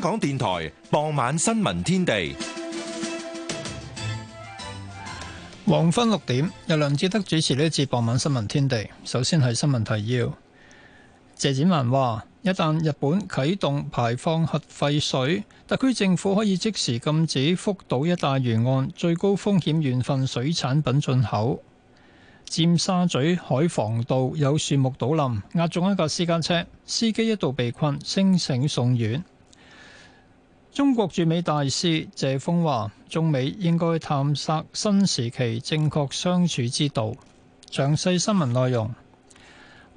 香港電台傍晚新聞天地，黃昏六點由梁志德主持呢一節傍晚新聞天地。首先係新聞提要。謝展文話：一旦日本啟動排放核廢水，特區政府可以即時禁止福島一帶沿岸最高風險縣份水產品進口。尖沙咀海防道有樹木倒冧，壓中一架私家車，司機一度被困，清醒送院。中國駐美大使謝鋒話：中美應該探索新時期正確相處之道。詳細新聞內容，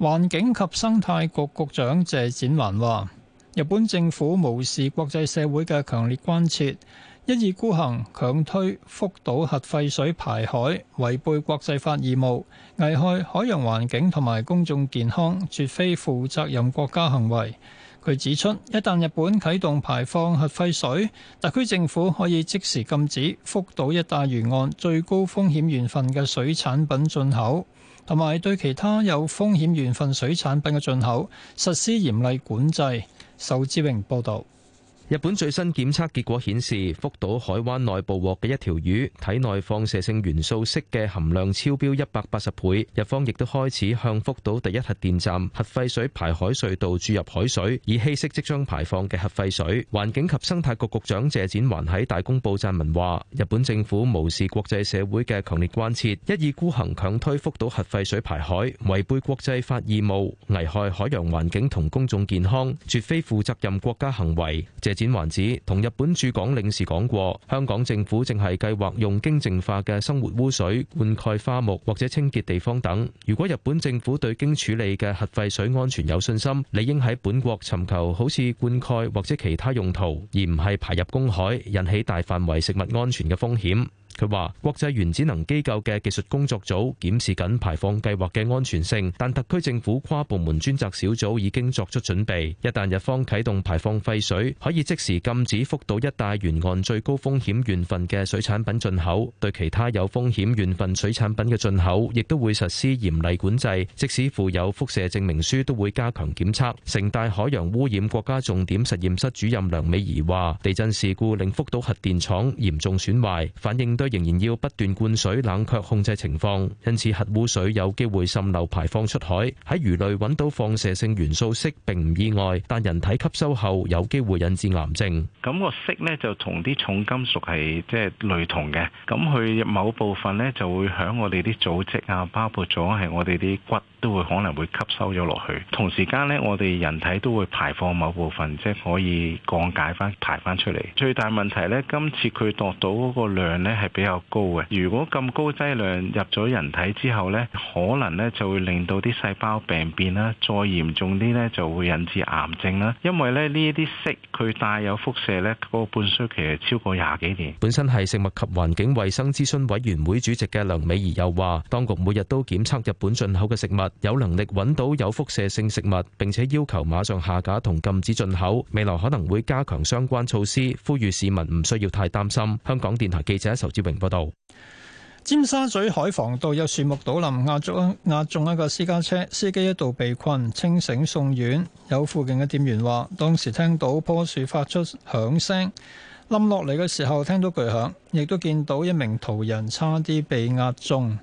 環境及生態局局長謝展寰話：日本政府無視國際社會嘅強烈關切，一意孤行強推福島核廢水排海，違背國際法義務，危害海洋環境同埋公眾健康，絕非負責任國家行為。佢指出，一旦日本啟動排放核廢水，特區政府可以即時禁止福島一帶沿岸最高風險縣份嘅水產品進口，同埋對其他有風險縣份水產品嘅進口實施嚴厲管制。仇志榮報道。日本最新檢測結果顯示，福島海灣內捕獲嘅一條魚體內放射性元素銫嘅含量超標一百八十倍。日方亦都開始向福島第一核電站核廢水排海隧道注入海水，以稀釋即將排放嘅核廢水。環境及生態局局長謝展寰喺大公報撰文話：日本政府無視國際社會嘅強烈關切，一意孤行強推福島核廢水排海，違背國際法義務，危害海洋環境同公眾健康，絕非負責任國家行為。謝展寰指同日本駐港領事講過，香港政府正係計劃用經淨化嘅生活污水灌溉花木或者清潔地方等。如果日本政府對經處理嘅核廢水安全有信心，理應喺本國尋求好似灌溉或者其他用途，而唔係排入公海，引起大範圍食物安全嘅風險。佢話：國際原子能機構嘅技術工作組檢視緊排放計劃嘅安全性，但特區政府跨部門專責小組已經作出準備，一旦日方啟動排放廢水，可以即時禁止福島一帶沿岸最高風險縣份嘅水產品進口；對其他有風險縣份水產品嘅進口，亦都會實施嚴厲管制。即使附有輻射證明書，都會加強檢測。城大海洋污染國家重點實驗室主任梁美儀話：地震事故令福島核電廠嚴重損壞，反應堆仍然要不斷灌水冷卻控制情況，因此核污水有機會滲漏排放出海，喺魚類揾到放射性元素銫並唔意外，但人體吸收後有機會引致癌症。咁個銫呢就同啲重金屬係即係類同嘅，咁佢某部分呢就會響我哋啲組織啊包括咗係我哋啲骨都會可能會吸收咗落去，同時間呢我哋人體都會排放某部分即係可以降解翻排翻出嚟。最大問題呢今次佢度到嗰個量呢係比較高嘅，如果咁高劑量入咗人體之後咧，可能咧就會令到啲細胞病變啦，再嚴重啲咧就會引致癌症啦。因為咧呢一啲鈷佢帶有輻射咧，呢個半衰期係超過廿幾年。本身係食物及環境衞生諮詢委員會主席嘅梁美儀又話，當局每日都檢測日本進口嘅食物，有能力揾到有輻射性食物，並且要求馬上下架同禁止進口。未來可能會加強相關措施，呼籲市民唔需要太擔心。香港電台記者受接。報道：尖沙咀海防道有樹木倒冧，壓中壓中一個私家車，司機一度被困，清醒送院。有附近嘅店員話，當時聽到棵樹發出響聲，冧落嚟嘅時候聽到巨響，亦都見到一名途人差啲被壓中。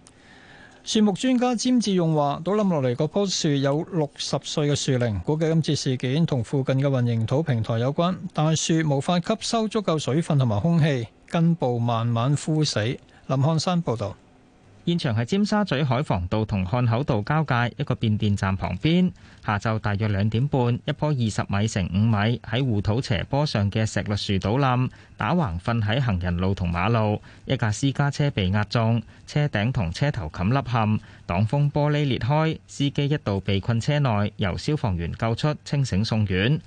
樹木專家詹志勇話，倒冧落嚟嗰棵樹有六十歲嘅樹齡，估計今次事件同附近嘅混凝土平台有關，但樹無法吸收足夠水分同埋空氣。根部慢慢枯死。林漢山報道，現場係尖沙咀海防道同漢口道交界一個變電站旁邊。下晝大約兩點半，一棵二十米乘五米喺護土斜坡上嘅石栗樹倒冧，打橫瞓喺行人路同馬路，一架私家車被壓中，車頂同車頭冚凹陷，擋風玻璃裂開，司機一度被困車內，由消防員救出，清醒送院。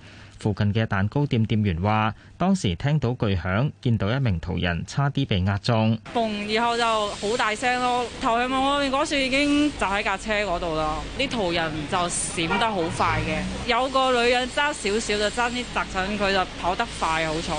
附近嘅蛋糕店店員話，當時聽到巨響，見到一名途人差啲被壓中，嘭，然後就好大聲咯，頭去望外面嗰樹已經就喺架車嗰度啦。啲途人就閃得好快嘅，有個女人揸少少就揸啲特診，佢就跑得快，好彩，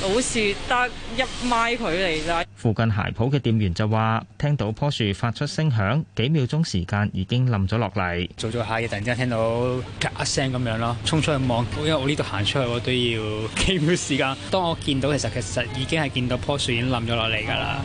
好似得一米距離啫。附近鞋鋪嘅店員就話，聽到棵樹發出聲響，幾秒鐘時間已經冧咗落嚟。做咗下嘢，突然間聽到咔一聲咁樣咯，衝出去望，因為我呢行出去我都要幾秒時間。當我見到，其實其實已經係見到棵樹已經冧咗落嚟㗎啦。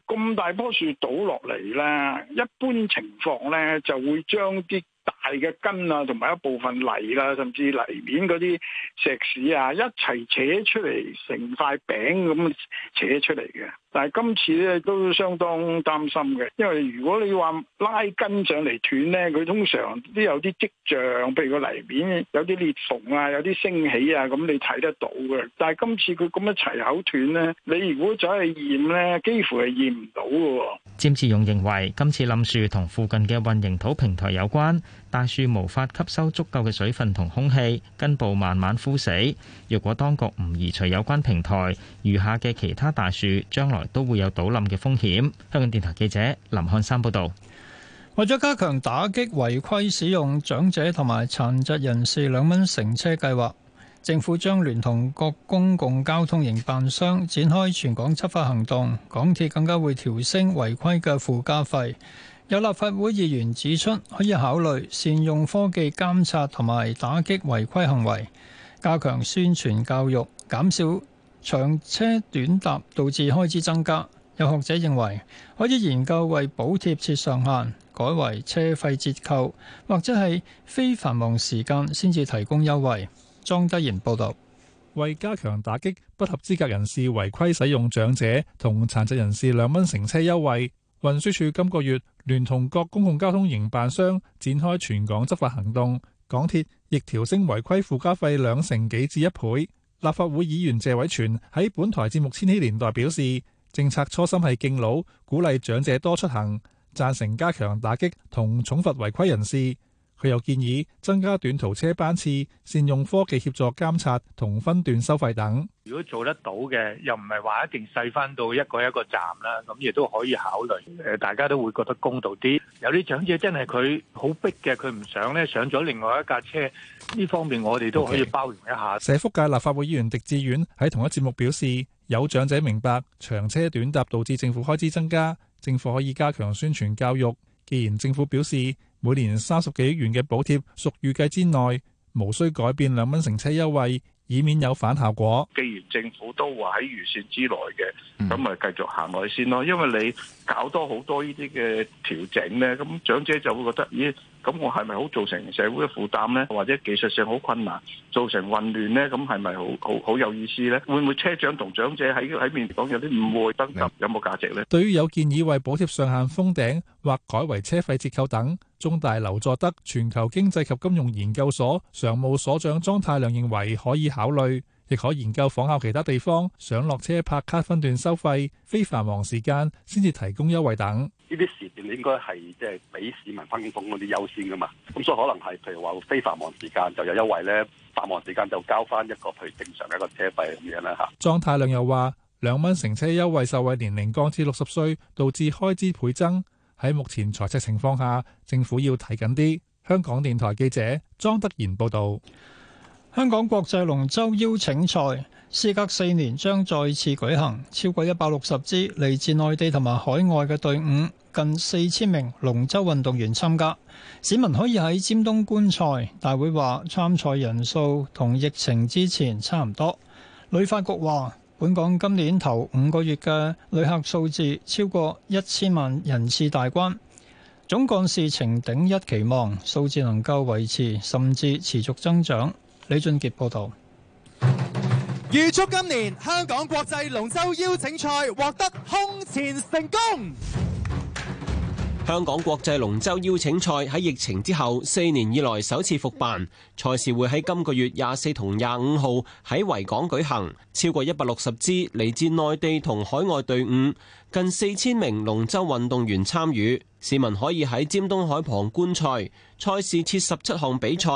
咁大棵樹倒落嚟呢，一般情況呢，就會將啲大嘅根啊，同埋一部分泥啦，甚至泥面嗰啲石屎啊，一齊扯出嚟成塊餅咁扯出嚟嘅。但係今次咧都相當擔心嘅，因為如果你話拉根上嚟斷咧，佢通常都有啲跡象，譬如個泥面有啲裂縫啊，有啲升起啊，咁你睇得到嘅。但係今次佢咁一齊口斷咧，你如果走去驗咧，幾乎係驗唔到嘅。占志勇認為，今次冧樹同附近嘅混凝土平台有關，大樹無法吸收足夠嘅水分同空氣，根部慢慢枯死。若果當局唔移除有關平台，餘下嘅其他大樹將來都會有倒冧嘅風險。香港電台記者林漢山報導。為咗加強打擊違規使用長者同埋殘疾人士兩蚊乘車計劃，政府將聯同各公共交通營辦商展開全港執法行動，港鐵更加會調升違規嘅附加費。有立法會議員指出，可以考慮善用科技監察同埋打擊違規行為，加強宣傳教育，減少長車短搭導致開支增加。有學者認為，可以研究為補貼設上限，改為車費折扣，或者係非繁忙時間先至提供優惠。莊家賢報道，為加強打擊不合資格人士違規使用長者同殘疾人士兩蚊乘車優惠，運輸署今個月聯同各公共交通營辦商展開全港執法行動。港鐵亦調升違規附加費兩成幾至一倍。立法會議員謝偉全喺本台節目《千禧年代》表示，政策初心係敬老，鼓勵長者多出行，贊成加強打擊同重罰違規人士。佢又建議增加短途車班次，善用科技協助監察同分段收費等。如果做得到嘅，又唔係話一定細分到一個一個站啦，咁亦都可以考慮。誒，大家都會覺得公道啲。有啲長者真係佢好逼嘅，佢唔想咧上咗另外一架車。呢方面我哋都可以包容一下。Okay. 社福界立法會議員狄志遠喺同一節目表示：有長者明白長車短搭導致政府開支增加，政府可以加強宣傳教育。既然政府表示。每年三十幾億元嘅補貼屬預計之內，無需改變兩蚊乘車優惠，以免有反效果。既然政府都話喺預算之內嘅，咁咪繼續行落去先咯。因為你搞多好多呢啲嘅調整咧，咁長者就會覺得咦。咁我係咪好造成社會嘅負擔呢？或者技術上好困難，造成混亂呢？咁係咪好好好有意思呢？會唔會車長同長者喺喺面講有啲誤會得唔有冇價值呢？對於有建議為補貼上限封頂或改為車費折扣等，中大劉佐德全球經濟及金融研究所常務所長莊太量認為可以考慮。亦可研究仿效其他地方，上落車拍卡分段收費，非繁忙時間先至提供優惠等。呢啲時段你應該係即係俾市民翻工嗰啲優先噶嘛，咁所以可能係譬如話，非繁忙時間就有優惠咧，繁忙時間就交翻一個去正常嘅一個車費咁樣啦。吓。莊太亮又話，兩蚊乘車優惠受惠年齡降至六十歲導致開支倍增。喺目前財赤情況下，政府要睇緊啲。香港電台記者莊德賢報道。香港國際龍舟邀請賽，事隔四年將再次舉行，超過一百六十支嚟自內地同埋海外嘅隊伍，近四千名龍舟運動員參加。市民可以喺尖東觀賽。大會話參賽人數同疫情之前差唔多。旅發局話，本港今年頭五個月嘅旅客數字超過一千萬人次大關，總幹事程鼎一期望數字能夠維持甚至持續增長。李俊傑報道，預祝今年香港國際龍舟邀請賽獲得空前成功。香港國際龍舟邀請賽喺疫情之後四年以來首次復辦，賽事會喺今個月廿四同廿五號喺維港舉行，超過一百六十支嚟自內地同海外隊伍，近四千名龍舟運動員參與，市民可以喺尖東海旁觀賽。賽事設十七項比賽，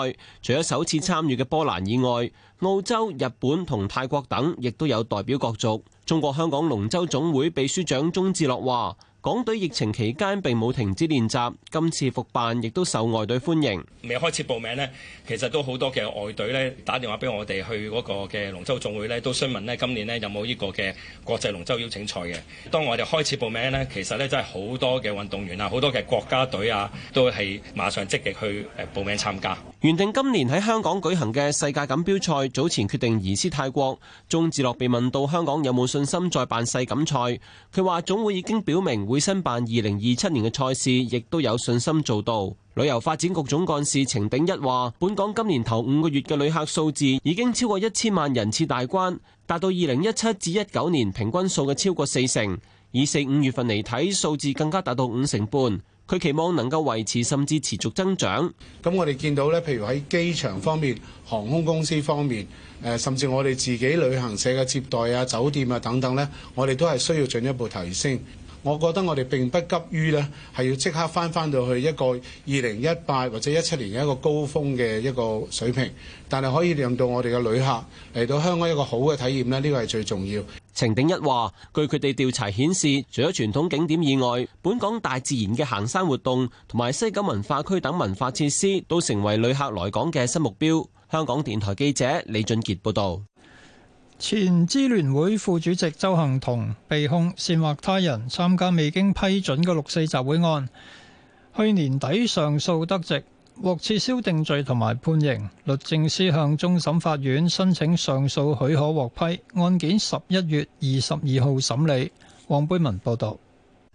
除咗首次參與嘅波蘭以外，澳洲、日本同泰國等亦都有代表國族。中國香港龍舟總會秘書長鍾志樂話。港隊疫情期間並冇停止練習，今次復辦亦都受外隊歡迎。未開始報名咧，其實都好多嘅外隊咧打電話俾我哋去嗰個嘅龍舟總會咧，都詢問咧今年咧有冇呢個嘅國際龍舟邀請賽嘅。當我哋開始報名咧，其實咧真係好多嘅運動員啊，好多嘅國家隊啊，都係馬上積極去誒報名參加。原定今年喺香港舉行嘅世界錦標賽早前決定移師泰國。鍾志樂被問到香港有冇信心再辦世錦賽，佢話總會已經表明會會申辦二零二七年嘅賽事，亦都有信心做到。旅遊發展局總幹事程鼎一話，本港今年頭五個月嘅旅客數字已經超過一千萬人次大關，達到二零一七至一九年平均數嘅超過四成，以四五月份嚟睇，數字更加達到五成半。佢期望能夠維持甚至持續增長。咁我哋見到呢，譬如喺機場方面、航空公司方面，誒，甚至我哋自己旅行社嘅接待啊、酒店啊等等呢，我哋都係需要進一步提升。我覺得我哋並不急於呢，係要即刻翻翻到去一個二零一八或者一七年嘅一個高峰嘅一個水平，但係可以令到我哋嘅旅客嚟到香港一個好嘅體驗呢，呢個係最重要。程鼎一話，據佢哋調查顯示，除咗傳統景點以外，本港大自然嘅行山活動同埋西九文化區等文化設施都成為旅客來港嘅新目標。香港電台記者李俊傑報道。前支聯會副主席鄒幸彤被控煽惑他人參加未經批准嘅六四集會案，去年底上訴得直，獲撤銷定罪同埋判刑。律政司向終審法院申請上訴許可獲批，案件十一月二十二號審理。黃貝文報導。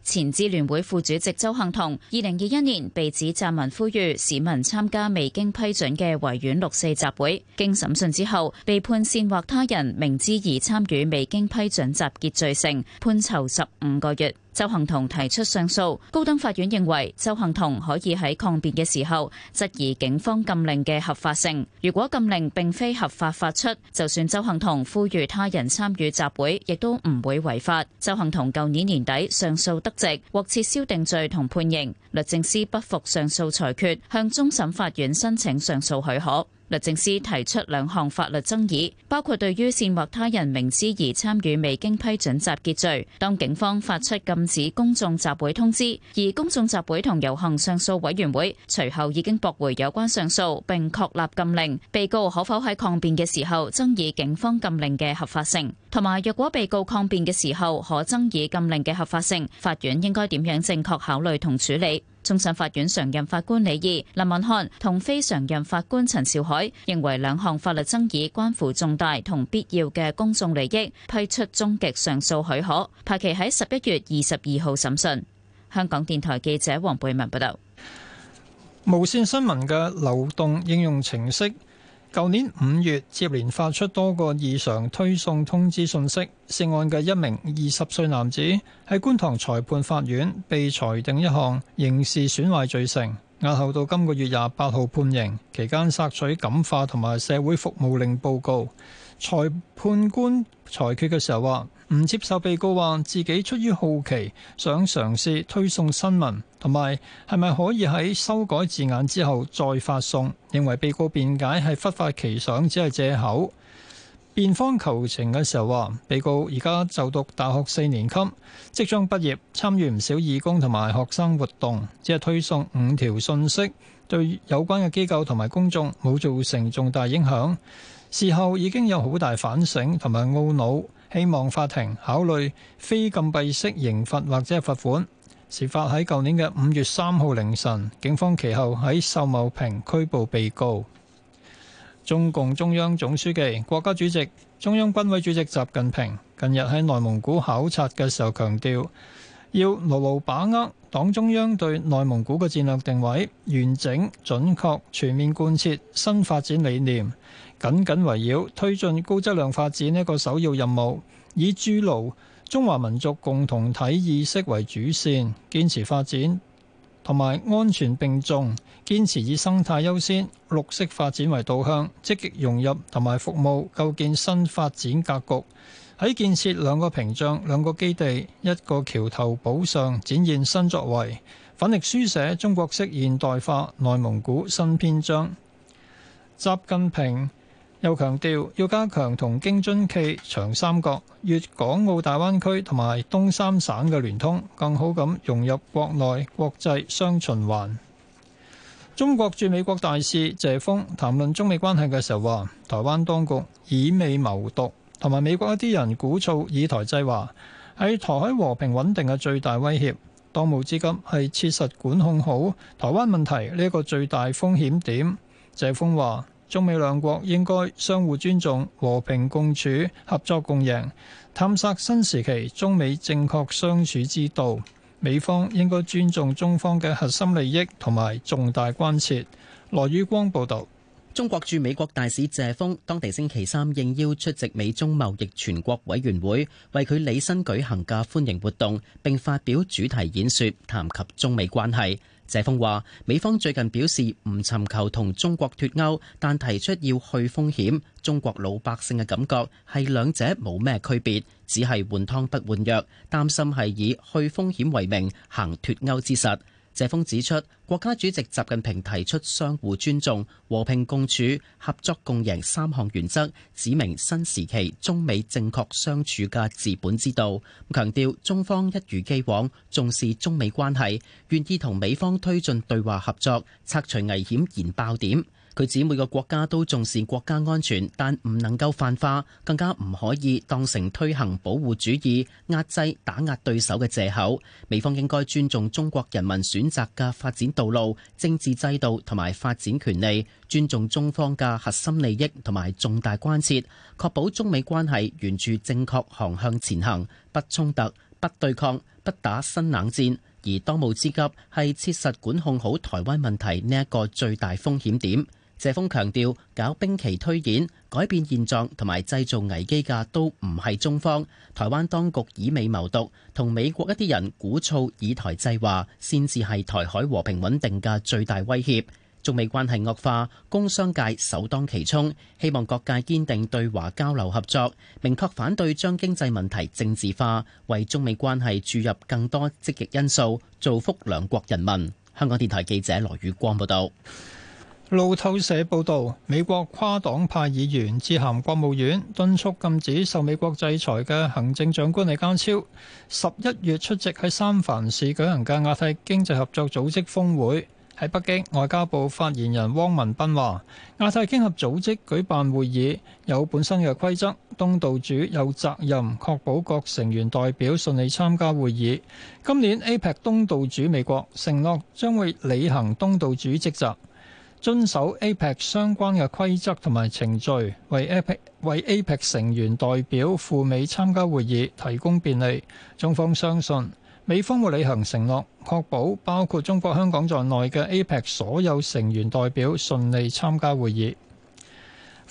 前支聯會副主席鄒幸彤，二零二一年被指撰文呼籲市民參加未經批准嘅維園六四集會，經審訊之後被判煽惑他人明知而參與未經批准集結罪成，判囚十五個月。周幸彤提出上訴，高等法院認為周幸彤可以喺抗辯嘅時候質疑警方禁令嘅合法性。如果禁令並非合法發出，就算周幸彤呼籲他人參與集會，亦都唔會違法。周幸彤舊年年底上訴得直，獲撤銷定罪同判刑。律政司不服上訴裁決，向終審法院申請上訴許可。律政司提出兩項法律爭議，包括對於煽惑他人明知而參與未經批准集結罪，當警方發出禁止公眾集會通知，而公眾集會同遊行上訴委員會隨後已經駁回有關上訴並確立禁令。被告可否喺抗辯嘅時候爭議警方禁令嘅合法性？同埋，若果被告抗辯嘅時候可爭議禁令嘅合法性，法院應該點樣正確考慮同處理？終審法院常任法官李義、林文瀚同非常任法官陳兆愷認為兩項法律爭議關乎重大同必要嘅公眾利益，批出終極上訴許可，排期喺十一月二十二號審訊。香港電台記者黃貝文報道。無線新聞嘅流動應用程式。舊年五月接連發出多個異常推送通知信息，涉案嘅一名二十歲男子喺觀塘裁判法院被裁定一項刑事損壞罪成，押後到今個月廿八號判刑，期間索取感化同埋社會服務令報告。裁判官裁決嘅時候話，唔接受被告話自己出於好奇想嘗試推送新聞，同埋係咪可以喺修改字眼之後再發送，認為被告辯解係忽發奇想，只係借口。辯方求情嘅時候話，被告而家就讀大學四年級，即將畢業，參與唔少義工同埋學生活動，只係推送五條信息，對有關嘅機構同埋公眾冇造成重大影響。事後已經有好大反省同埋懊惱。希望法庭考慮非禁閉式刑罰或者係罰款。事發喺舊年嘅五月三號凌晨，警方其後喺秀茂坪拘捕被告。中共中央總書記、國家主席、中央軍委主席習近平近日喺內蒙古考察嘅時候強調，要牢牢把握黨中央對內蒙古嘅戰略定位，完整準確全面貫徹新發展理念。緊緊圍繞推進高質量發展呢個首要任務，以鑄牢中華民族共同體意識為主線，堅持發展同埋安全並重，堅持以生態優先、綠色發展為導向，積極融入同埋服務構建新發展格局，喺建設兩個屏障、兩個基地、一個橋頭堡上展現新作為，奮力書寫中國式現代化內蒙古新篇章。習近平。又強調要加強同京津冀、長三角、粵港澳大灣區同埋東三省嘅聯通，更好咁融入國內國際雙循環。中國駐美國大使謝鋒談論中美關係嘅時候話，台灣當局以美謀獨，同埋美國一啲人鼓噪以台制華，係台海和平穩定嘅最大威脅。當務之急係切實管控好台灣問題呢一個最大風險點。謝鋒話。中美兩國應該相互尊重、和平共處、合作共贏，探索新時期中美正確相處之道。美方應該尊重中方嘅核心利益同埋重大關切。羅宇光報道，中國駐美國大使謝鋒，當地星期三應邀出席美中貿易全國委員會為佢履新舉行嘅歡迎活動，並發表主題演說，談及中美關係。謝鋒話：美方最近表示唔尋求同中國脫鉤，但提出要去風險。中國老百姓嘅感覺係兩者冇咩區別，只係換湯不換藥，擔心係以去風險為名，行脫鉤之實。謝鋒指出，國家主席習近平提出相互尊重、和平共處、合作共贏三項原則，指明新時期中美正確相處嘅治本之道。強調中方一如既往重視中美關係，願意同美方推進對話合作，拆除危險燃爆點。佢指每個國家都重視國家安全，但唔能夠泛化，更加唔可以當成推行保護主義、壓制、打壓對手嘅藉口。美方應該尊重中國人民選擇嘅發展道路、政治制度同埋發展權利，尊重中方嘅核心利益同埋重大關切，確保中美關係沿住正確航向前行，不衝突、不對抗、不打新冷戰。而當務之急係切實管控好台灣問題呢一個最大風險點。謝鋒強調，搞兵棋推演、改變現狀同埋製造危機嘅都唔係中方，台灣當局以美謀獨同美國一啲人鼓噪以台制華，先至係台海和平穩定嘅最大威脅。中美關係惡化，工商界首當其衝，希望各界堅定對華交流合作，明確反對將經濟問題政治化，為中美關係注入更多積極因素，造福兩國人民。香港電台記者羅宇光報道。路透社報道，美國跨黨派議員致函國務院，敦促禁止受美國制裁嘅行政長官李家超，十一月出席喺三藩市舉行嘅亞太經濟合作組織峰會。喺北京，外交部發言人汪文斌話，亞太經合組織舉辦會議有本身嘅規則，東道主有責任確保各成員代表順利參加會議。今年 APEC 東道主美國承諾將會履行東道主職責。遵守 APEC 相關嘅規則同埋程序，為 APEC 為 APEC 成員代表赴美參加會議提供便利。中方相信美方會履行承諾，確保包括中國香港在內嘅 APEC 所有成員代表順利參加會議。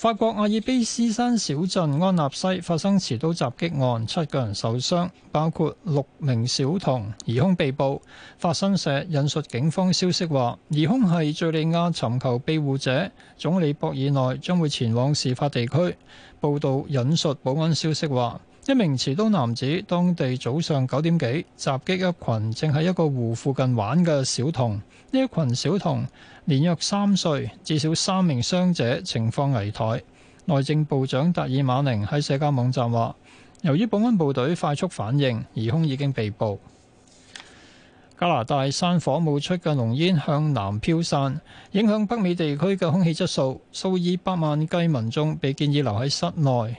法國阿爾卑斯山小鎮安納西發生持刀襲擊案，七個人受傷，包括六名小童，疑凶被捕。法新社引述警方消息話，疑凶係敘利亞尋求庇護者。總理博爾內將會前往事發地區。報道引述保安消息話。一名持刀男子，當地早上九點幾襲擊一羣正喺一個湖附近玩嘅小童。呢一群小童年約三歲，至少三名傷者情況危殆。內政部長達爾馬寧喺社交網站話：由於保安部隊快速反應，疑兇已經被捕。加拿大山火冒出嘅濃煙向南飄散，影響北美地區嘅空氣質素，數以百萬計民眾被建議留喺室內。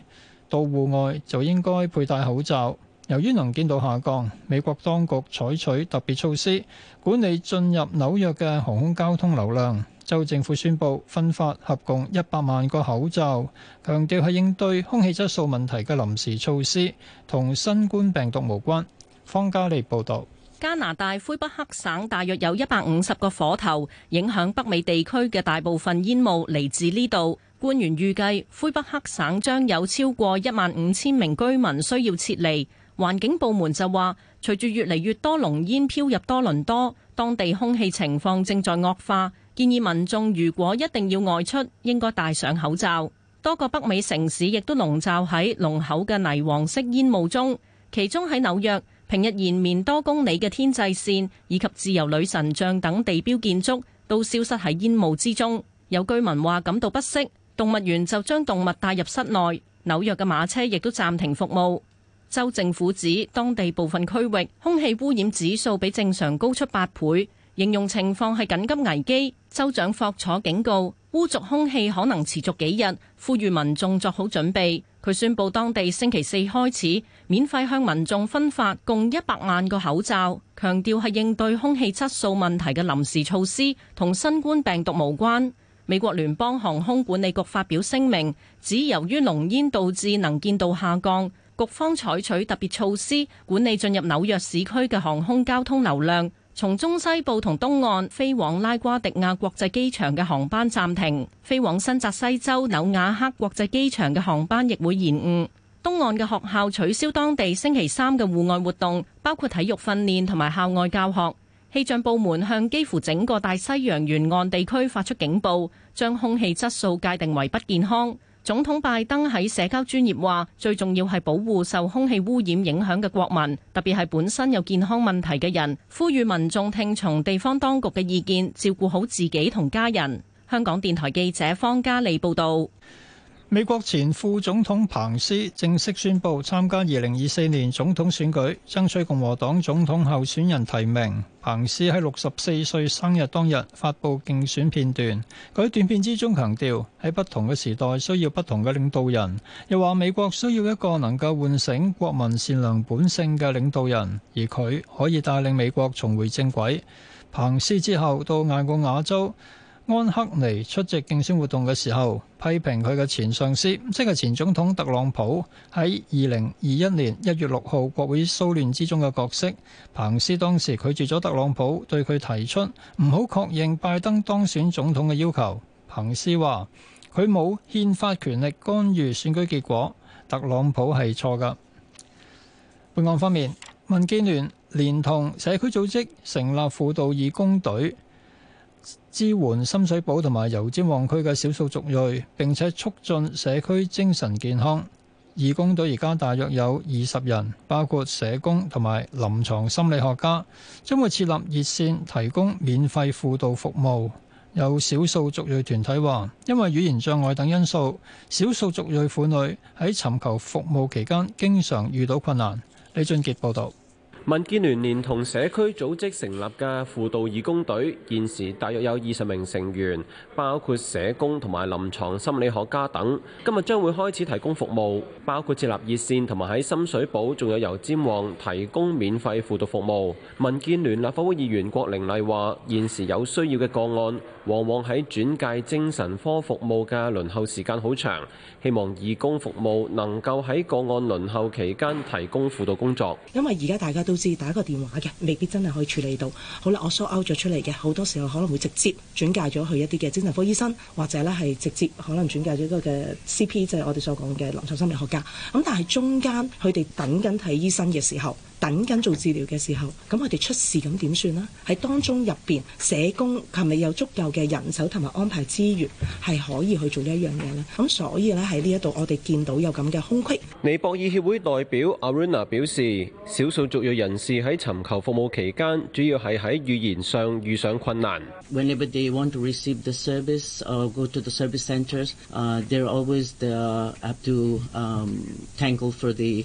到戶外就應該佩戴口罩。由於能見度下降，美國當局採取特別措施管理進入紐約嘅航空交通流量。州政府宣佈分發合共一百萬個口罩，強調係應對空氣質素問題嘅臨時措施，同新冠病毒無關。方家利報導。加拿大魁北克省大約有一百五十個火頭，影響北美地區嘅大部分煙霧嚟自呢度。官員預計，魁北克省將有超過一萬五千名居民需要撤離。環境部門就話，隨住越嚟越多濃煙飄入多倫多，當地空氣情況正在惡化，建議民眾如果一定要外出，應該戴上口罩。多個北美城市亦都籠罩喺濃厚嘅泥黃色煙霧中，其中喺紐約，平日延綿多公里嘅天際線以及自由女神像等地標建築都消失喺煙霧之中。有居民話感到不適。動物園就將動物帶入室內，紐約嘅馬車亦都暫停服務。州政府指當地部分區域空氣污染指數比正常高出八倍，形容情況係緊急危機。州長霍楚警告，污濁空氣可能持續幾日，呼籲民眾作好準備。佢宣佈當地星期四開始免費向民眾分發共一百萬個口罩，強調係應對空氣質素問題嘅臨時措施，同新冠病毒無關。美國聯邦航空管理局發表聲明，指由於濃煙導致能見度下降，局方採取特別措施管理進入紐約市區嘅航空交通流量。從中西部同東岸飛往拉瓜迪亞國際機場嘅航班暫停，飛往新澤西州紐瓦克國際機場嘅航班亦會延誤。東岸嘅學校取消當地星期三嘅戶外活動，包括體育訓練同埋校外教學。氣象部門向幾乎整個大西洋沿岸地區發出警報。將空氣質素界定為不健康。總統拜登喺社交專業話，最重要係保護受空氣污染影響嘅國民，特別係本身有健康問題嘅人,呼籲民眾聽從地方當局嘅意見，照顧好自己同家人。香港電台記者方嘉莉報道。美國前副總統彭斯正式宣布參加二零二四年總統選舉，爭取共和黨總統候選人提名。彭斯喺六十四歲生日當日發佈競選片段，佢喺段片之中強調喺不同嘅時代需要不同嘅領導人，又話美國需要一個能夠喚醒國民善良本性嘅領導人，而佢可以帶領美國重回正軌。彭斯之後到亞過亞洲，安克尼出席競選活動嘅時候，批評佢嘅前上司，即係前總統特朗普喺二零二一年一月六號國會騷亂之中嘅角色。彭斯當時拒絕咗特朗普對佢提出唔好確認拜登當選總統嘅要求。彭斯話，佢冇憲法權力干預選舉結果，特朗普係錯噶。本案方面，民建聯連同社區組織成立輔導義工隊。支援深水埗同埋油尖旺區嘅少數族裔，並且促進社區精神健康。義工隊而家大約有二十人，包括社工同埋臨床心理學家，將會設立熱線提供免費輔導服務。有少數族裔團體話，因為語言障礙等因素，少數族裔婦女喺尋求服務期間經常遇到困難。李俊傑報導。民建聯連同社區組織成立嘅輔導義工隊，現時大約有二十名成員，包括社工同埋臨牀心理學家等。今日將會開始提供服務，包括設立熱線同埋喺深水埗仲有油尖旺提供免費輔導服務。民建聯立法會議員郭玲麗話，現時有需要嘅個案。往往喺轉介精神科服務嘅輪候時間好長，希望義工服務能夠喺個案輪候期間提供輔導工作。因為而家大家都知打一個電話嘅未必真係可以處理到。好啦，我 Out 咗出嚟嘅好多時候可能會直接轉介咗去一啲嘅精神科醫生，或者咧係直接可能轉介咗一個嘅 CP，即係我哋所講嘅臨床心理學家。咁但係中間佢哋等緊睇醫生嘅時候。等緊做治療嘅時候，咁我哋出事咁點算啦？喺當中入邊，社工係咪有足夠嘅人手同埋安排資源，係可以去做呢一樣嘢咧？咁所以咧喺呢一度，我哋見到有咁嘅空隙。尼泊爾協會代表 Aruna 表示，少數族裔人士喺尋求服務期間，主要係喺語言上遇上困難。Whenever they want to receive the service or go to the service centres, they always have to tangle for the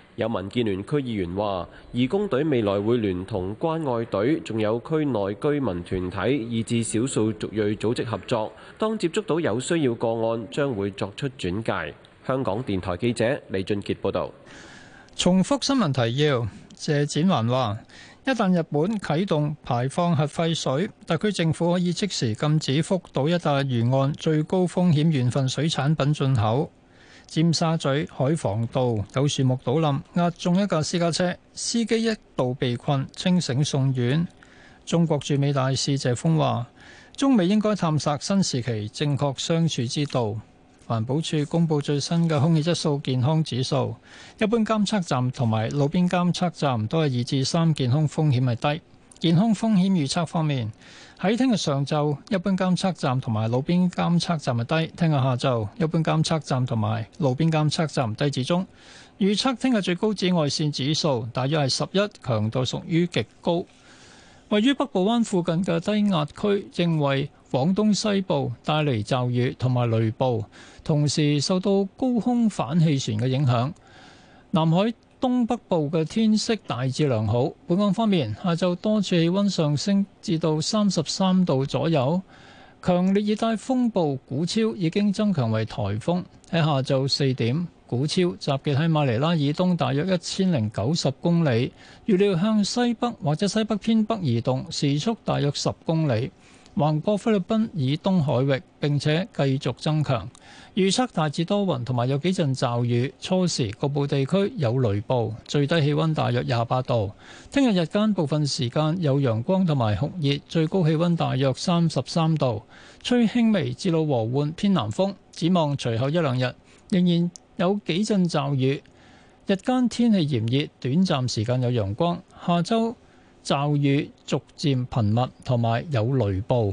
有民建聯區議員話：義工隊未來會聯同關愛隊，仲有區內居民團體，以至少數族裔組織合作。當接觸到有需要個案，將會作出轉介。香港電台記者李俊傑報道，重複新聞提要。謝展寰話：一旦日本啟動排放核廢水，特區政府可以即時禁止福島一帶沿岸最高風險原份水產品進口。尖沙咀海防道有樹木倒冧，壓中一架私家車，司機一度被困，清醒送院。中國駐美大使謝鋒話：中美應該探索新時期正確相處之道。環保署公布最新嘅空氣質素健康指數，一般監測站同埋路邊監測站都係二至三，健康風險係低。健康風險預測方面，喺聽日上晝一般監測站同埋路邊監測站係低；聽日下晝一般監測站同埋路邊監測站低至中。預測聽日最高紫外線指數大約係十一，強度屬於極高。位於北部灣附近嘅低壓區正為廣東西部帶嚟驟雨同埋雷暴，同時受到高空反氣旋嘅影響南海，東北部嘅天色大致良好。本港方面，下晝多處氣温上升至到三十三度左右。強烈熱帶風暴古超已經增強為颱風，喺下晝四點，古超集結喺馬尼拉以東大約一千零九十公里，預料向西北或者西北偏北移動，時速大約十公里。橫過菲律賓以東海域，並且繼續增強。預測大致多雲，同埋有幾陣驟雨。初時局部地區有雷暴，最低氣溫大約廿八度。聽日日間部分時間有陽光同埋酷熱，最高氣溫大約三十三度，吹輕微至到和緩偏南風。展望隨後一兩日仍然有幾陣驟雨，日間天氣炎熱，短暫時間有陽光。下周，驟雨逐漸頻密，同埋有，有雷暴，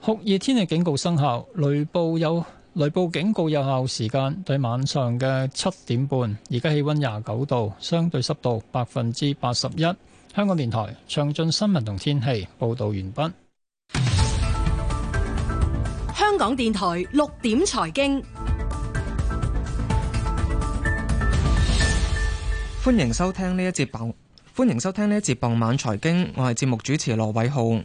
酷熱天氣警告生效，雷暴有雷暴警告有效時間對晚上嘅七點半。而家氣溫廿九度，相對濕度百分之八十一。香港電台詳盡新聞同天氣報道完畢。香港電台六點財經，歡迎收聽呢一節爆。歡迎收聽呢節傍晚財經，我係節目主持羅偉浩。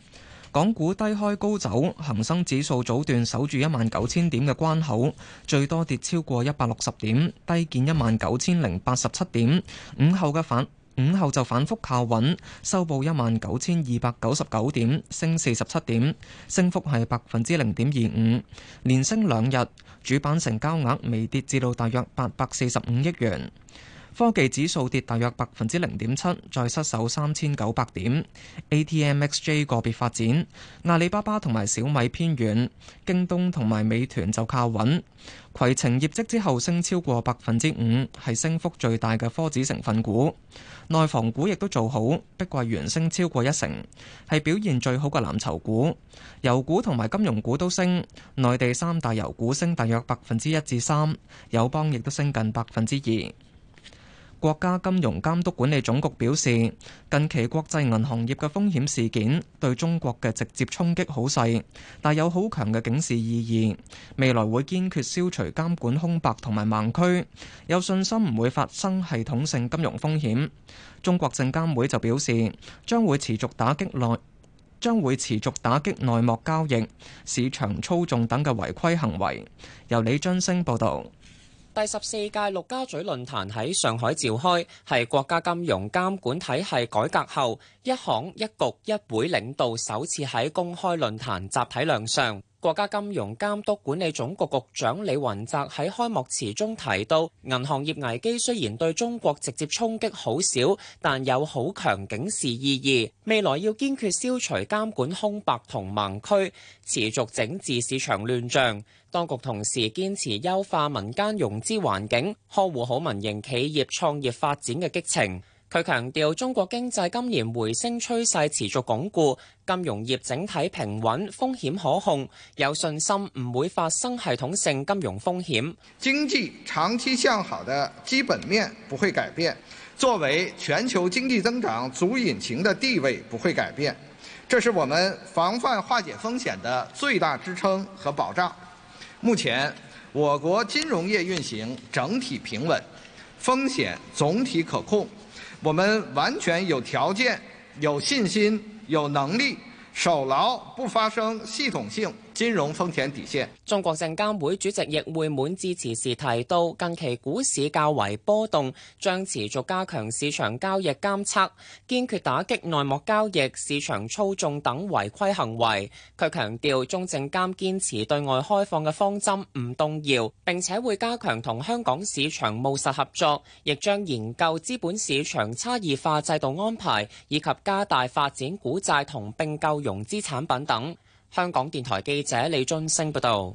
港股低開高走，恒生指數早段守住一萬九千點嘅關口，最多跌超過一百六十點，低見一萬九千零八十七點。午後嘅反，午後就反覆靠穩，收報一萬九千二百九十九點，升四十七點，升幅係百分之零點二五，連升兩日。主板成交額微跌至到大約八百四十五億元。科技指數跌大約百分之零點七，再失守三千九百點。A T M X J 個別發展，阿里巴巴同埋小米偏軟，京東同埋美團就靠穩。攜程業績之後升超過百分之五，係升幅最大嘅科指成分股。內房股亦都做好，碧桂園升超過一成，係表現最好嘅藍籌股。油股同埋金融股都升，內地三大油股升大約百分之一至三，友邦亦都升近百分之二。國家金融監督管理總局表示，近期國際銀行業嘅風險事件對中國嘅直接衝擊好細，但有好強嘅警示意義。未來會堅決消除監管空白同埋盲區，有信心唔會發生系統性金融風險。中國證監會就表示，將會持續打擊內，將會持續打擊內幕交易、市場操縱等嘅違規行為。由李津升報導。第十四屆陸家嘴論壇喺上海召開，係國家金融監管體系改革後，一行一局一會領導首次喺公開論壇集體亮相。國家金融監督管理總局局長李雲澤喺開幕詞中提到，銀行業危機雖然對中國直接衝擊好少，但有好強警示意義。未來要堅決消除監管空白同盲區，持續整治市場亂象。當局同時堅持優化民間融資環境，呵護好民營企業創業發展嘅激情。佢強調，中國經濟今年回升趨勢持續鞏固，金融業整體平穩，風險可控，有信心唔會發生系統性金融風險。經濟長期向好的基本面不會改變，作為全球經濟增長主引擎的地位不會改變，這是我們防範化解風險的最大支撐和保障。目前，我國金融業運行整體平穩，風險總體可控。我們完全有條件、有信心、有能力守牢，不發生系統性金融風險底線，中國證監會主席易會滿致辭時提到，近期股市較為波動，將持續加強市場交易監測，堅決打擊內幕交易、市場操縱等違規行為，佢強調中證監堅持對外開放嘅方針唔動搖，並且會加強同香港市場務實合作，亦將研究資本市場差異化制度安排，以及加大發展股債同併購融資產品等。香港電台記者李津升報道。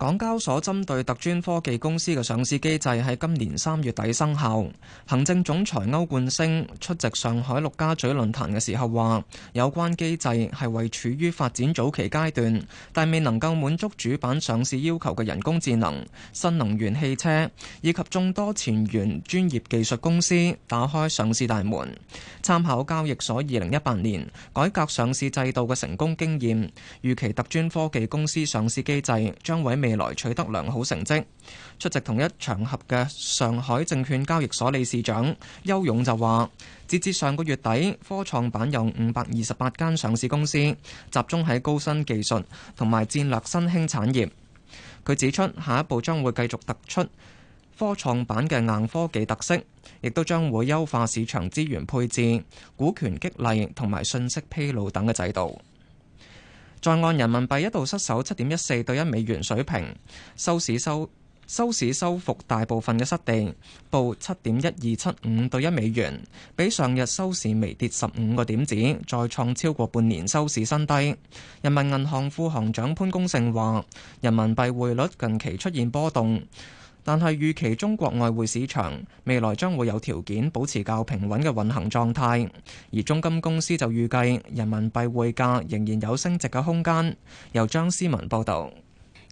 港交所針對特專科技公司嘅上市機制喺今年三月底生效。行政總裁歐冠昇出席上海陸家嘴論壇嘅時候話：有關機制係為處於發展早期階段，但未能夠滿足主板上市要求嘅人工智能、新能源汽車以及眾多前沿專業技術公司打開上市大門。參考交易所二零一八年改革上市制度嘅成功經驗，預期特專科技公司上市機制將為未未來取得良好成績。出席同一場合嘅上海證券交易所理事長邱勇就話，截至上個月底，科創板有五百二十八間上市公司，集中喺高新技術同埋戰略新興產業。佢指出，下一步將會繼續突出科創板嘅硬科技特色，亦都將會優化市場資源配置、股權激勵同埋信息披露等嘅制度。在岸人民幣一度失守七點一四對一美元水平，收市收收市收復大部分嘅失地，報七點一二七五對一美元，比上日收市微跌十五個點子，再創超過半年收市新低。人民銀行副行長潘功勝話，人民幣匯率近期出現波動。但係預期中國外匯市場未來將會有條件保持較平穩嘅運行狀態，而中金公司就預計人民幣匯價仍然有升值嘅空間。由張思文報導。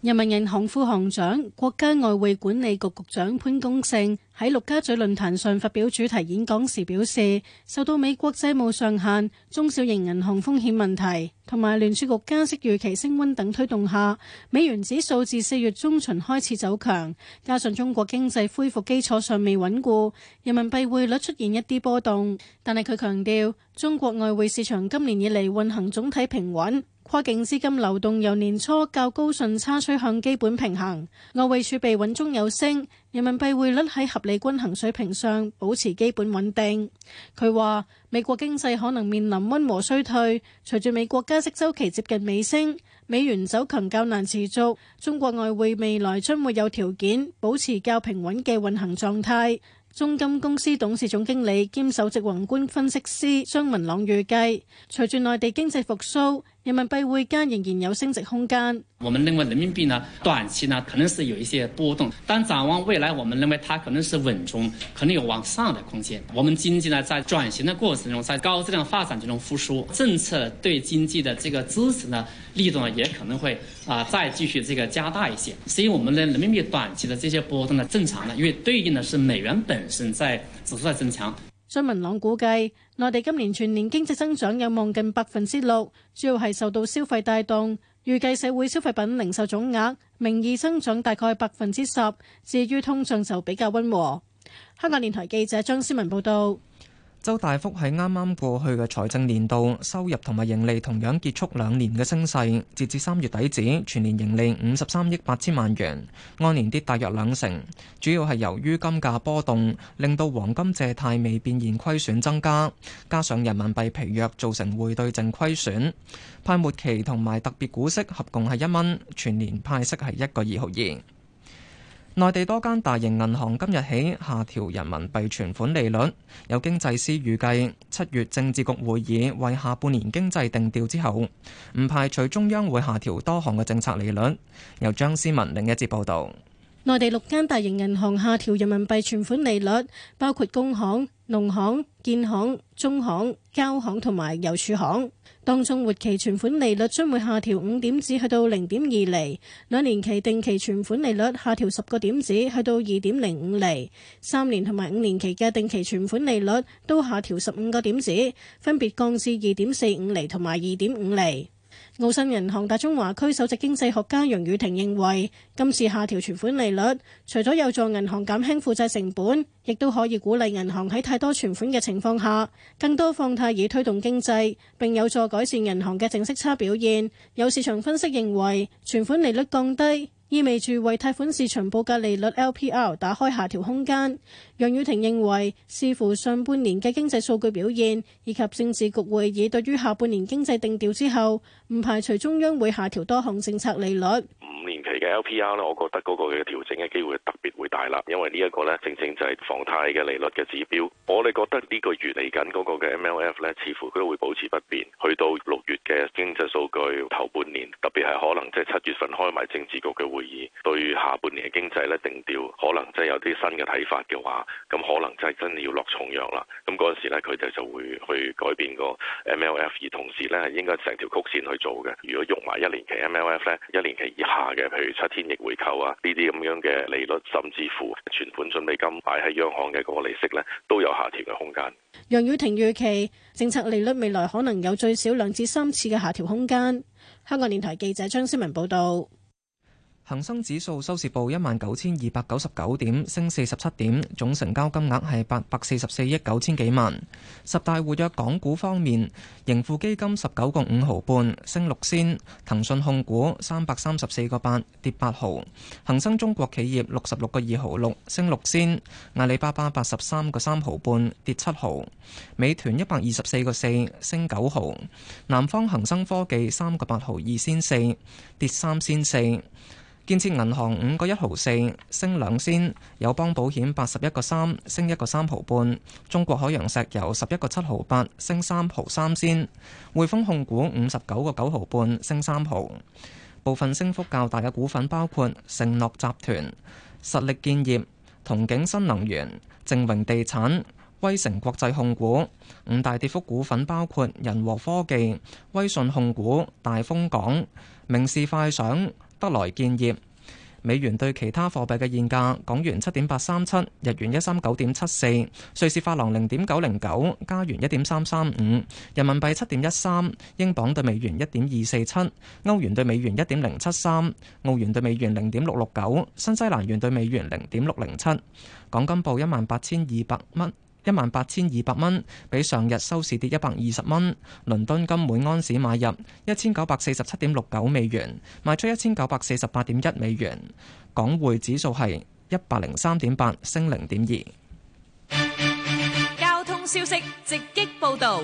人民銀行副行長、國家外匯管理局局長潘功勝喺陸家嘴論壇上發表主題演講時表示，受到美國債務上限、中小型銀行風險問題同埋聯儲局加息預期升溫等推動下，美元指數自四月中旬開始走強，加上中國經濟恢復基礎尚未穩固，人民幣匯率出現一啲波動，但係佢強調，中國外匯市場今年以嚟運行總體平穩。跨境資金流動由年初較高順差趨向基本平衡，外匯儲備穩中有升，人民幣匯率喺合理均衡水平上保持基本穩定。佢話：美國經濟可能面臨溫和衰退，隨住美國加息周期接近尾聲，美元走強較難持續。中國外匯未來將會有條件保持較平穩嘅運行狀態。中金公司董事總經理兼首席宏觀分析師張文朗預計，隨住內地經濟復甦，人民幣匯價仍然有升值空間。我們認為人民幣呢短期呢可能是有一些波動，但展望未來，我們認為它可能是穩中，可能有往上的空間。我們經濟呢在轉型的過程中，在高質量發展之中復甦，政策對經濟的這個支持呢力度呢也可能會啊、呃、再繼續這個加大一些。所以我們的人民幣短期的這些波動呢正常呢，的因為對應的是美元本身在指數在增強。張文朗估計內地今年全年經濟增長有望近百分之六，主要係受到消費帶動。預計社會消費品零售總額名義增長大概百分之十，至於通脹就比較溫和。香港電台記者張思文報道。周大福喺啱啱過去嘅財政年度收入同埋盈利同樣結束兩年嘅升勢，截至三月底止，全年盈利五十三億八千萬元，按年跌大約兩成。主要係由於金價波動令到黃金借貸未變現虧損增加，加上人民幣疲弱造成匯兌淨虧損，派末期同埋特別股息合共係一蚊，全年派息係一個二毫二。內地多間大型銀行今日起下調人民幣存款利率。有經濟師預計，七月政治局會議為下半年經濟定調之後，唔排除中央會下調多項嘅政策利率。由張思文另一節報道。內地六間大型銀行下調人民幣存款利率，包括工行、農行、建行、中行、交行同埋郵儲行。當中活期存款利率將會下調五點子，去到零點二厘；兩年期定期存款利率下調十個點子，去到二點零五厘；三年同埋五年期嘅定期存款利率都下調十五個點子，分別降至二點四五厘同埋二點五厘。澳新銀行大中華區首席經濟學家楊宇霆認為，今次下調存款利率，除咗有助銀行減輕負債成本，亦都可以鼓勵銀行喺太多存款嘅情況下更多放貸，以推動經濟，並有助改善銀行嘅淨息差表現。有市場分析認為，存款利率降低意味住為貸款市場報價利率 LPR 打開下調空間。楊宇霆認為，視乎上半年嘅經濟數據表現以及政治局會議對於下半年經濟定調之後。唔排除中央會下調多項政策利率。五年期嘅 LPR 呢，我覺得嗰個嘅調整嘅機會特別會大啦，因為呢一個呢，正正就係房貸嘅利率嘅指標。我哋覺得呢個月嚟緊嗰個嘅 MLF 呢，似乎佢都會保持不變。去到六月嘅經濟數據頭半年，特別係可能即係七月份開埋政治局嘅會議，對下半年嘅經濟呢定調，可能真係有啲新嘅睇法嘅話，咁可能就，可能就真要落重藥啦。咁嗰時呢，佢哋就會去改變個 MLF，而同時呢，係應該成條曲線去做嘅，如果用埋一年期 MLF 咧，一年期以下嘅，譬如七天逆回購啊，呢啲咁樣嘅利率，甚至乎存款準備金擺喺央行嘅嗰個利息咧，都有下調嘅空間。楊宇霆預期政策利率未來可能有最少兩至三次嘅下調空間。香港電台記者張思文報道。恒生指數收市報一萬九千二百九十九點，升四十七點，總成交金額係八百四十四億九千幾萬。十大活躍港股方面，盈富基金十九個五毫半，升六仙；騰訊控股三百三十四個八，跌八毫；恒生中國企業六十六個二毫六，升六仙；阿里巴巴八十三個三毫半，跌七毫；美團一百二十四個四，升九毫；南方恒生科技三個八毫二仙四，跌三仙四。建設銀行五個一毫四升兩仙，友邦保險八十一個三升一個三毫半，中國海洋石油十一個七毫八升三毫三仙，匯豐控股五十九個九毫半升三毫。部分升幅較大嘅股份包括盛諾集團、實力建業、同景新能源、正榮地產、威誠國際控股。五大跌幅股份包括仁和科技、威信控股、大豐港、明視快想。德來建業。美元對其他貨幣嘅現價：港元七點八三七，日元一三九點七四，瑞士法郎零點九零九，加元一點三三五，人民幣七點一三，英鎊對美元一點二四七，歐元對美元一點零七三，澳元對美元零點六六九，新西蘭元對美元零點六零七，港金報一萬八千二百蚊。一萬八千二百蚊，比上日收市跌一百二十蚊。倫敦金每安士買入一千九百四十七點六九美元，賣出一千九百四十八點一美元。港匯指數係一百零三點八，升零點二。交通消息直擊報道。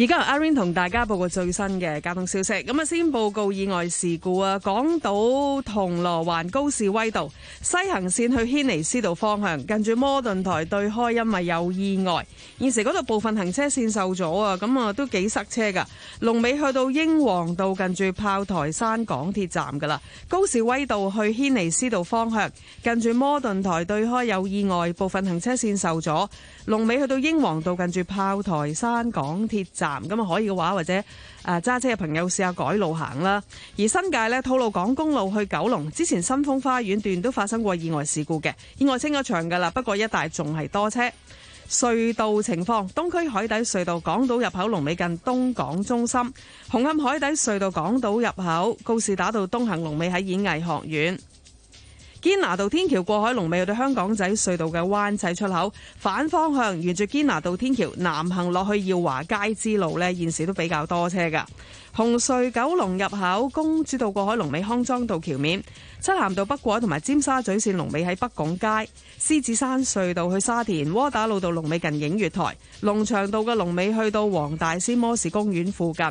而家由阿 Ring 同大家報告最新嘅交通消息。咁啊，先報告意外事故啊！港島銅鑼灣高士威道西行線去軒尼詩道方向，近住摩頓台對開，因為有意外，現時嗰度部分行車線受阻啊！咁啊，都幾塞車㗎。龍尾去到英皇道，近住炮台山港鐵站㗎啦。高士威道去軒尼詩道方向，近住摩頓台對開有意外，部分行車線受阻。龍尾去到英皇道，近住炮台山港鐵站。咁可以嘅話，或者啊、揸車嘅朋友試下改路行啦。而新界咧，吐露港公路去九龍之前，新豐花園段都發生過意外事故嘅，意外清咗場噶啦。不過一帶仲係多車。隧道情況，東區海底隧道港島入口龍尾近東港中心；紅磡海底隧道港島入口，告士打道東行龍尾喺演藝學院。堅拿道天橋過海龍尾去到香港仔隧道嘅灣仔出口反方向，沿住堅拿道天橋南行落去耀華街支路呢，現時都比較多車噶。紅隧九龍入口公主道過海龍尾康莊道橋面，漆咸道北過海同埋尖沙咀線龍尾喺北港街。獅子山隧道去沙田窩打路道龍尾近映月台，龍翔道嘅龍尾去到黃大仙摩士公園附近。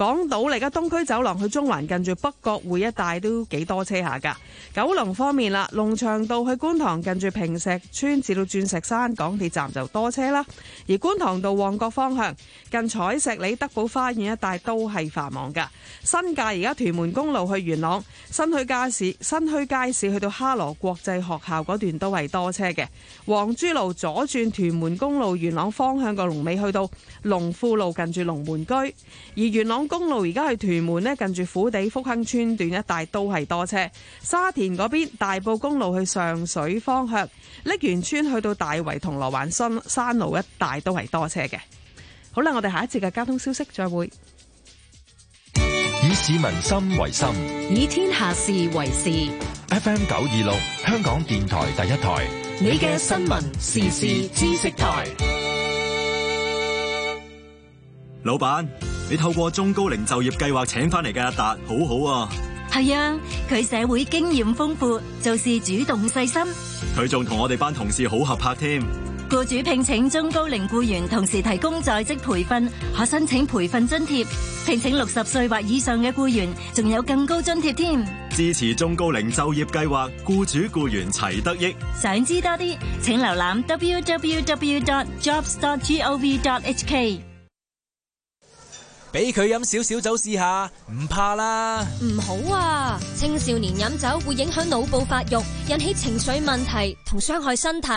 港島嚟家東區走廊去中環，近住北角匯一帶都幾多車下噶。九龍方面啦，龍翔道去觀塘，近住平石村至到鑽石山港鐵站就多車啦。而觀塘道旺角方向，近彩石里、德寶花園一帶都係繁忙噶。新界而家屯門公路去元朗，新墟街市、新墟街市去到哈羅國際學校嗰段都係多車嘅。黃珠路左轉屯門公路元朗方向個龍尾去到龍富路，近住龍門居，而元朗。公路而家去屯門呢近住虎地福亨村段一帶都係多車；沙田嗰邊大埔公路去上水方向，瀝源村去到大圍銅鑼灣新山路一帶都係多車嘅。好啦，我哋下一次嘅交通消息再會。以市民心為心，以天下事為事。F M 九二六，香港電台第一台，你嘅新聞時事知識台。老闆。你透過中高齡就業計劃請翻嚟嘅阿達，好好啊！係啊，佢社會經驗豐富，做事主動細心。佢仲同我哋班同事好合拍添。僱主聘請中高齡僱員，同時提供在職培訓，可申請培訓津貼。聘請六十歲或以上嘅僱員，仲有更高津貼添。支持中高齡就業計劃，僱主僱員齊得益。想知多啲，請瀏覽 www.jobs.gov.hk。俾佢飲少少酒試下，唔怕啦。唔好啊，青少年飲酒會影響腦部發育，引起情緒問題同傷害身體。